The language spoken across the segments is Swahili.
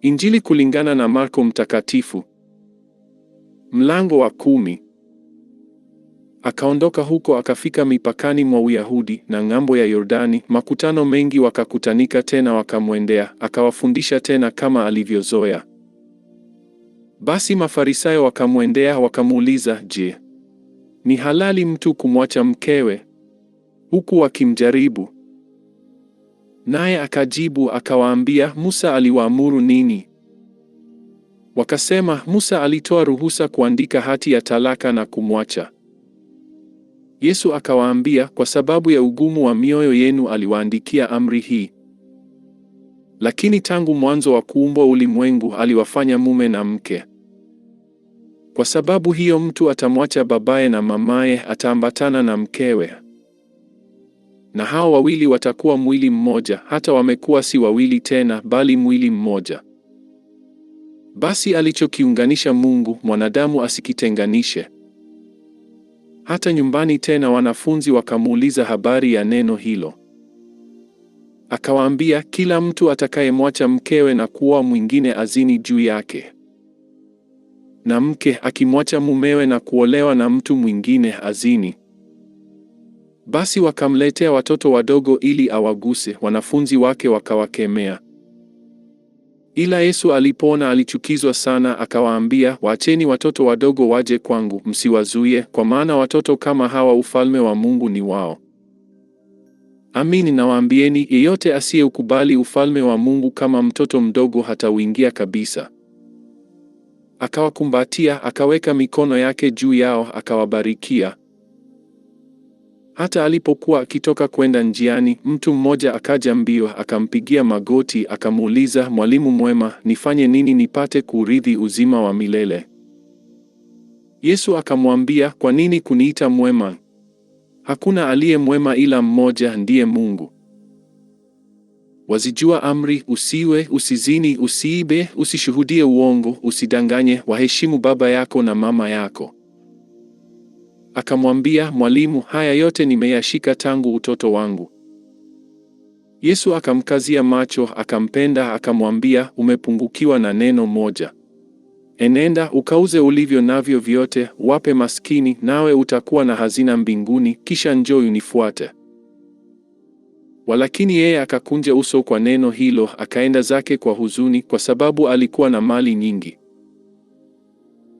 Injili kulingana na Marko Mtakatifu, mlango wa kumi. Akaondoka huko akafika mipakani mwa Uyahudi na ng'ambo ya Yordani, makutano mengi wakakutanika tena wakamwendea, akawafundisha tena kama alivyozoea. Basi Mafarisayo wakamwendea wakamuuliza, Je, ni halali mtu kumwacha mkewe? Huku wakimjaribu. Naye akajibu akawaambia, Musa aliwaamuru nini? Wakasema, Musa alitoa ruhusa kuandika hati ya talaka na kumwacha. Yesu akawaambia, kwa sababu ya ugumu wa mioyo yenu aliwaandikia amri hii, lakini tangu mwanzo wa kuumbwa ulimwengu aliwafanya mume na mke. Kwa sababu hiyo, mtu atamwacha babaye na mamaye, ataambatana na mkewe na hao wawili watakuwa mwili mmoja, hata wamekuwa si wawili tena, bali mwili mmoja. Basi alichokiunganisha Mungu, mwanadamu asikitenganishe. Hata nyumbani tena wanafunzi wakamuuliza habari ya neno hilo. Akawaambia, kila mtu atakayemwacha mkewe na kuoa mwingine azini juu yake, na mke akimwacha mumewe na kuolewa na mtu mwingine azini. Basi wakamletea watoto wadogo ili awaguse, wanafunzi wake wakawakemea. Ila Yesu alipoona alichukizwa sana, akawaambia, waacheni watoto wadogo waje kwangu, msiwazuie, kwa maana watoto kama hawa ufalme wa Mungu ni wao. Amini nawaambieni, yeyote asiyeukubali ufalme wa Mungu kama mtoto mdogo hatauingia kabisa. Akawakumbatia, akaweka mikono yake juu yao, akawabarikia. Hata alipokuwa akitoka kwenda njiani, mtu mmoja akaja mbio, akampigia magoti, akamuuliza, Mwalimu mwema, nifanye nini nipate kuurithi uzima wa milele? Yesu akamwambia, kwa nini kuniita mwema? Hakuna aliye mwema ila mmoja, ndiye Mungu. Wazijua amri: usiwe, usizini, usiibe, usishuhudie uongo, usidanganye, waheshimu baba yako na mama yako akamwambia, Mwalimu, haya yote nimeyashika tangu utoto wangu. Yesu akamkazia macho, akampenda, akamwambia, umepungukiwa na neno moja. Enenda ukauze ulivyo navyo vyote, wape maskini, nawe utakuwa na hazina mbinguni, kisha njoo unifuate. Walakini yeye akakunja uso kwa neno hilo, akaenda zake kwa huzuni, kwa sababu alikuwa na mali nyingi.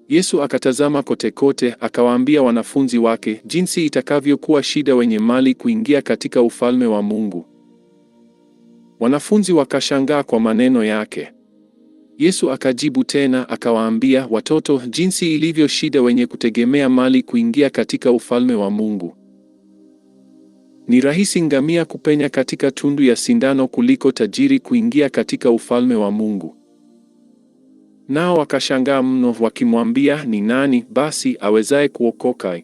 Yesu akatazama kote kote, akawaambia wanafunzi wake jinsi itakavyokuwa shida wenye mali kuingia katika ufalme wa Mungu. Wanafunzi wakashangaa kwa maneno yake. Yesu akajibu tena akawaambia, watoto, jinsi ilivyo shida wenye kutegemea mali kuingia katika ufalme wa Mungu. Ni rahisi ngamia kupenya katika tundu ya sindano kuliko tajiri kuingia katika ufalme wa Mungu. Nao wakashangaa mno, wakimwambia, ni nani basi awezaye kuokoka?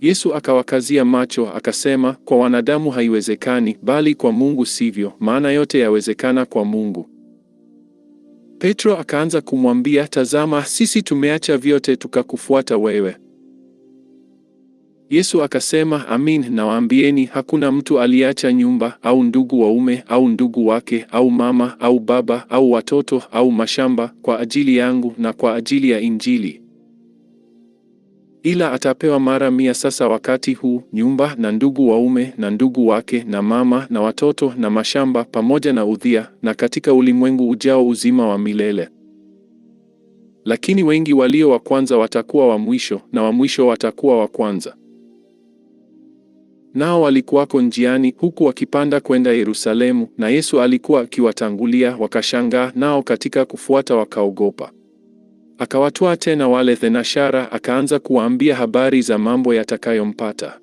Yesu akawakazia macho akasema, kwa wanadamu haiwezekani, bali kwa Mungu sivyo, maana yote yawezekana kwa Mungu. Petro akaanza kumwambia, tazama, sisi tumeacha vyote tukakufuata wewe. Yesu akasema, amin nawaambieni, hakuna mtu aliacha nyumba au ndugu waume au ndugu wake au mama au baba au watoto au mashamba kwa ajili yangu na kwa ajili ya Injili, ila atapewa mara mia sasa wakati huu nyumba na ndugu waume na ndugu wake na mama na watoto na mashamba pamoja na udhia, na katika ulimwengu ujao uzima wa milele. Lakini wengi walio wa kwanza watakuwa wa mwisho, na wa mwisho watakuwa wa kwanza. Nao walikuwako njiani huku wakipanda kwenda Yerusalemu, na Yesu alikuwa akiwatangulia. Wakashangaa nao katika kufuata wakaogopa. Akawatwaa tena wale thenashara, akaanza kuwaambia habari za mambo yatakayompata,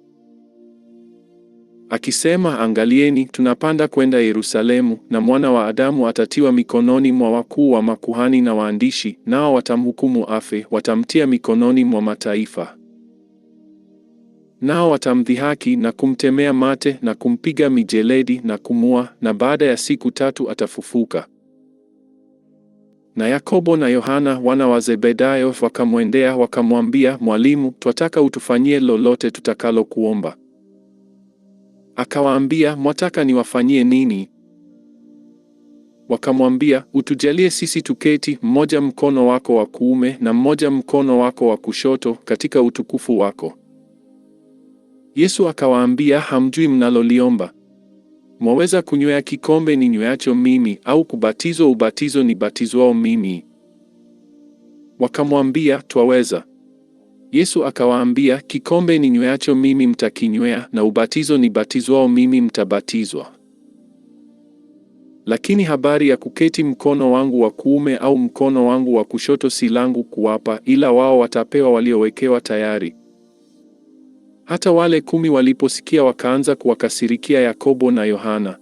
akisema, angalieni, tunapanda kwenda Yerusalemu, na mwana wa Adamu atatiwa mikononi mwa wakuu wa makuhani na waandishi, nao watamhukumu afe, watamtia mikononi mwa mataifa nao watamdhihaki na kumtemea mate na kumpiga mijeledi na kumua, na baada ya siku tatu atafufuka. Na Yakobo na Yohana wana wa Zebedayo wakamwendea wakamwambia, Mwalimu, twataka utufanyie lolote tutakalokuomba. Akawaambia, mwataka niwafanyie nini? Wakamwambia, utujalie sisi tuketi, mmoja mkono wako wa kuume na mmoja mkono wako wa kushoto, katika utukufu wako. Yesu akawaambia, hamjui mnaloliomba. Mwaweza kunywea kikombe ni nyweacho mimi, au kubatizwa ubatizo ni batizwao mimi? Wakamwambia, twaweza. Yesu akawaambia, kikombe ni nyweacho mimi mtakinywea, na ubatizo ni batizwao mimi mtabatizwa. Lakini habari ya kuketi mkono wangu wa kuume au mkono wangu wa kushoto si langu kuwapa, ila wao watapewa waliowekewa tayari. Hata wale kumi waliposikia wakaanza kuwakasirikia Yakobo na Yohana.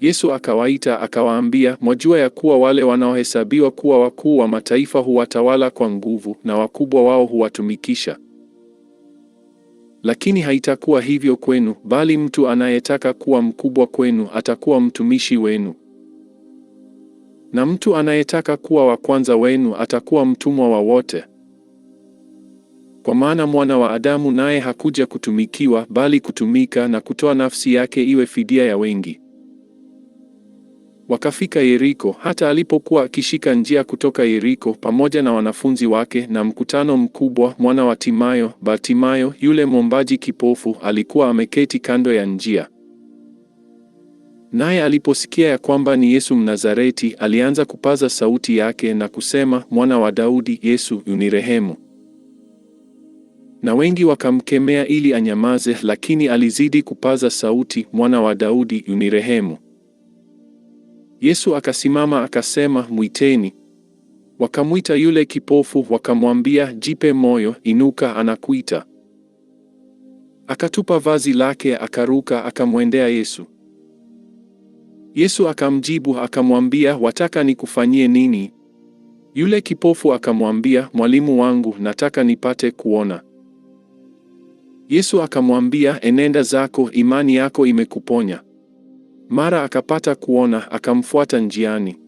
Yesu akawaita akawaambia, mwajua ya kuwa wale wanaohesabiwa kuwa wakuu wa mataifa huwatawala kwa nguvu, na wakubwa wao huwatumikisha. Lakini haitakuwa hivyo kwenu, bali mtu anayetaka kuwa mkubwa kwenu atakuwa mtumishi wenu, na mtu anayetaka kuwa wa kwanza wenu atakuwa mtumwa wa wote. Kwa maana mwana wa Adamu naye hakuja kutumikiwa, bali kutumika na kutoa nafsi yake iwe fidia ya wengi. Wakafika Yeriko. Hata alipokuwa akishika njia kutoka Yeriko pamoja na wanafunzi wake na mkutano mkubwa, mwana wa Timayo, Bartimayo yule mwombaji kipofu, alikuwa ameketi kando ya njia. Naye aliposikia ya kwamba ni Yesu Mnazareti, alianza kupaza sauti yake na kusema, Mwana wa Daudi, Yesu unirehemu. Na wengi wakamkemea ili anyamaze, lakini alizidi kupaza sauti, Mwana wa Daudi, unirehemu. Yesu akasimama akasema, mwiteni. Wakamwita yule kipofu, wakamwambia, jipe moyo, inuka, anakuita. Akatupa vazi lake, akaruka, akamwendea Yesu. Yesu akamjibu akamwambia, wataka nikufanyie nini? Yule kipofu akamwambia, Mwalimu wangu, nataka nipate kuona. Yesu akamwambia, enenda zako, imani yako imekuponya. Mara akapata kuona, akamfuata njiani.